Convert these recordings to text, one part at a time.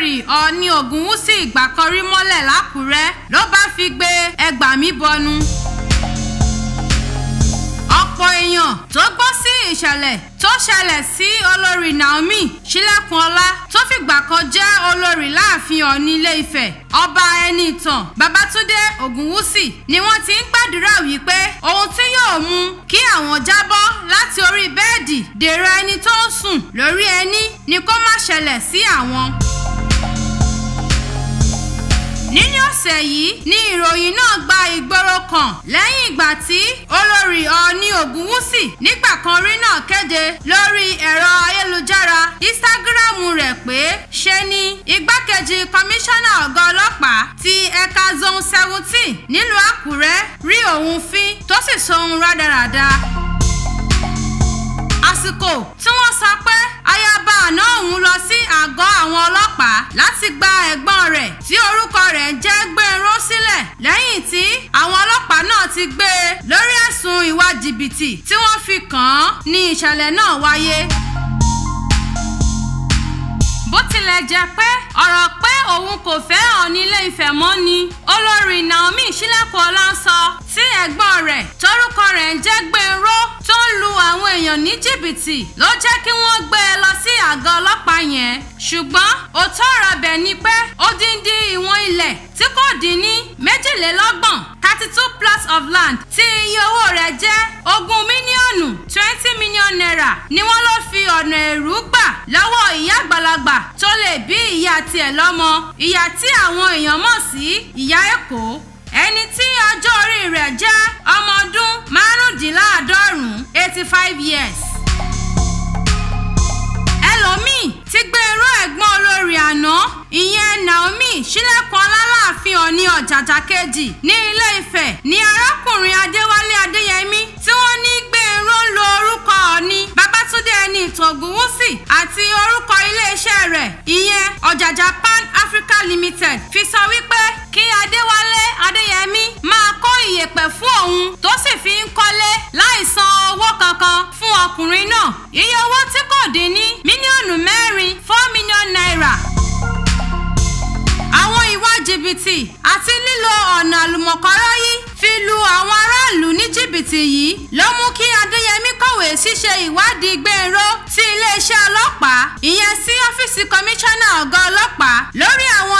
Mary Ọ̀ọ̀ni Ògúnwúsì ìgbà kan rí mọ́lẹ̀ lákùrẹ́ ló bá fi gbé ẹgbà mí bọnu. ọ̀pọ̀ èèyàn tó gbọ́ sí ìṣẹ̀lẹ̀ tó ṣẹlẹ̀ sí olórí Naomi Sílẹ̀kùnọlá tó fìgbà kan jẹ́ olórí láàfin Ọ̀ọ̀ni Ilé-Ifẹ̀ ọba Ẹnìtàn Babátúndé Ògúnwúsì ni wọ́n ti ń gbàdúrà wípé ohun tí yóò mú kí àwọn jábọ́ láti orí bẹ́ẹ̀dì dèrò ẹni tó ń sùn lórí ẹni ni kó má ṣẹlẹ̀ sí àwọn nínú ọ̀sẹ̀ yìí ni ìròyìn náà gba ìgboro kan lẹ́yìn ìgbà tí olórí ọ̀ọ́ni ògúnwúsì nígbà kan rí náà kéde lórí ẹ̀rọ ayélujára ísítágíráàmù rẹ̀ pé ṣe ni igbákejì kọmíṣánná ọ̀gá ọlọ́pàá ti ẹ̀ka zone seventeen nílùú àkúrẹ́ rí òun fín tó sì sọ ohun rádaràda àsìkò tí wọ́n sọ pé ayaba àná òun lọ sí àgọ́ àwọn ọlọ́pàá láti gba ẹ̀gbọ́n rẹ̀ tí orúkọ rẹ̀ ń jẹ́ Gbénró sílẹ̀ lẹ́yìn tí àwọn ọlọ́pàá náà ti gbé e lórí ẹ̀sùn ìwà jìbìtì tí wọ́n fi kàn án ní ìṣẹ̀lẹ̀ náà wáyé bó tilẹ̀ jẹ́ pé ọ̀rọ̀ pé òun kò fẹ́ Ọọ̀ni Ilé-Ifẹ̀ mọ́ ni olórí Naomi Ṣílẹ̀kùnọlá ń sọ sí ẹ̀gbọ́n rẹ̀ tórúkọ rẹ̀ ń jẹ́ Gbénró tó ń lu àwọn èèyàn ní jìbìtì ló jẹ́ kí wọ́n gbé e lọ sí àgọ́ ọlọ́pàá yẹn ṣùgbọ́n òótọ́ ọ̀rọ̀ bẹ̀ ni pé ó dín dín ìwọ̀n ilẹ̀ tí kò dín ní méjìlélọ́gbọ̀n thirty two plots of land tí iye owó rẹ̀ jẹ́ ogún mílíọ̀nù twenty million naira ni wọ́n lọ fi ọ̀nà ẹ̀rú gbà lọ́wọ́ ìyá àgbàlagbà tó lè bí ìyá tiẹ̀ lọ́mọ ìyá tí àwọn èèyàn mọ̀ sí ìyá èkó ẹni tí ọjọ́ orí rẹ̀ jẹ́ ọmọ ọdún márùndínláàádọ́rùn-ún eighty five years. ẹlòmíì ti gbé irú ẹ̀gbọ́n olórí àná ìyẹn Naomi sílẹ̀kùn ọlálàáfin ọ̀ní ọ̀jàjà kejì ní ilé Ifẹ̀ ní arákùnrin Adéwálé Adéyẹmí tí wọ́n ní gbé irú ń lo orúkọ ọ̀ní Babátúndé ẹni ìtògùnwúsì àti orúkọ iléeṣẹ́ rẹ̀ ìyẹn ọ̀jàjà Pan Africa Limited fi sọ wípé tó sì fi ń kọ́lé láì san owó kankan fún ọkùnrin náà iye owó tí kò dín ní mílíọ̀nù mẹ́rin four million naira àwọn ìwà jìbìtì àti lílo ọ̀nà àlùmọ̀kọ́rọ́ yìí fi lu àwọn aráàlú ní jìbìtì yìí ló mú kí adéyẹmí kọ̀wé ṣíṣe ìwádìí gbẹ̀rọ sí iléeṣẹ́ ọlọ́pàá ìyẹn sí ọ́fíìsì kọmíṣánná ọ̀gá ọlọ́pàá lórí àwọn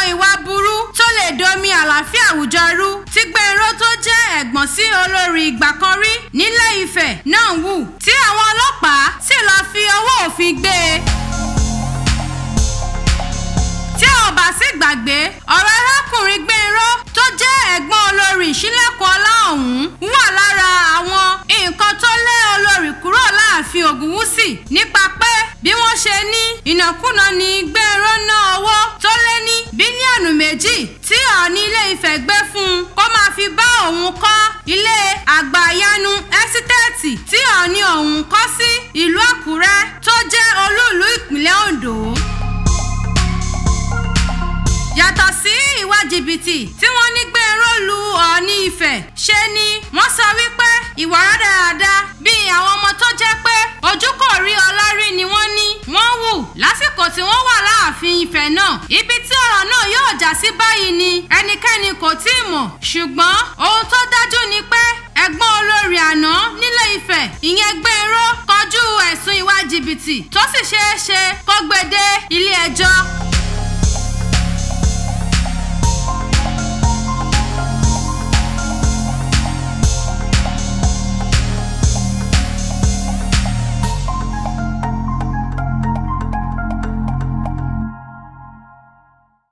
olórí ìgbà kan rí nílẹ̀ Ifẹ̀ náà wù tí àwọn ọlọ́pàá sì lọ́ọ́ fi ọwọ́ òfin gbé e. tí a ò bá sì gbàgbé ọ̀rọ̀ arákùnrin Gbénró tó jẹ́ ẹ̀gbọ́n olórí Ìṣílẹ̀kùnọlá ọ̀hún wà lára àwọn nǹkan tó lé olórí kúrò láàfin Ògúnwùsì nípa pé bí wọ́n ṣe ní ìnákúnà ní Gbénró ná owó tó lé ní bílíọ̀nù méjì tí Ọọ̀ni Ilé Ifẹ̀ gbé fún fi bá òun kọ́ ilé àgbàyanu ẹ́sítẹ́ẹ̀tì tí Ọọ̀ni ọ̀hún kọ́ sí ìlú Àkúrẹ́ tó jẹ́ olúìlú ìpínlẹ̀ Ondo yàtọ̀ sí ìwà jìbìtì tí wọ́n ní gbé rólu Ọọ̀ni Ifẹ̀ ṣe ni wọ́n sọ wípé ìwà rádaràda bíi àwọn ọmọ tó jẹ́ pé ojú rí ọlá ni wọ́n ní wọ́n hù lásìkò tí wọ́n wà láàrin ààfin Ifẹ̀ náà ibi tí ọ̀rọ̀ náà yóò já sí báyìí ni ẹnikẹ́ni kò tí ì mọ̀ ṣùgbọ́n ohun tó dájú ni pé ẹ̀gbọ́n olórí àná nílé Ifẹ̀ ìyẹn Gbénró kọjú ẹ̀sùn ìwà jìbìtì tó sì ṣeé ṣe kó gbé dé ilé ẹjọ́.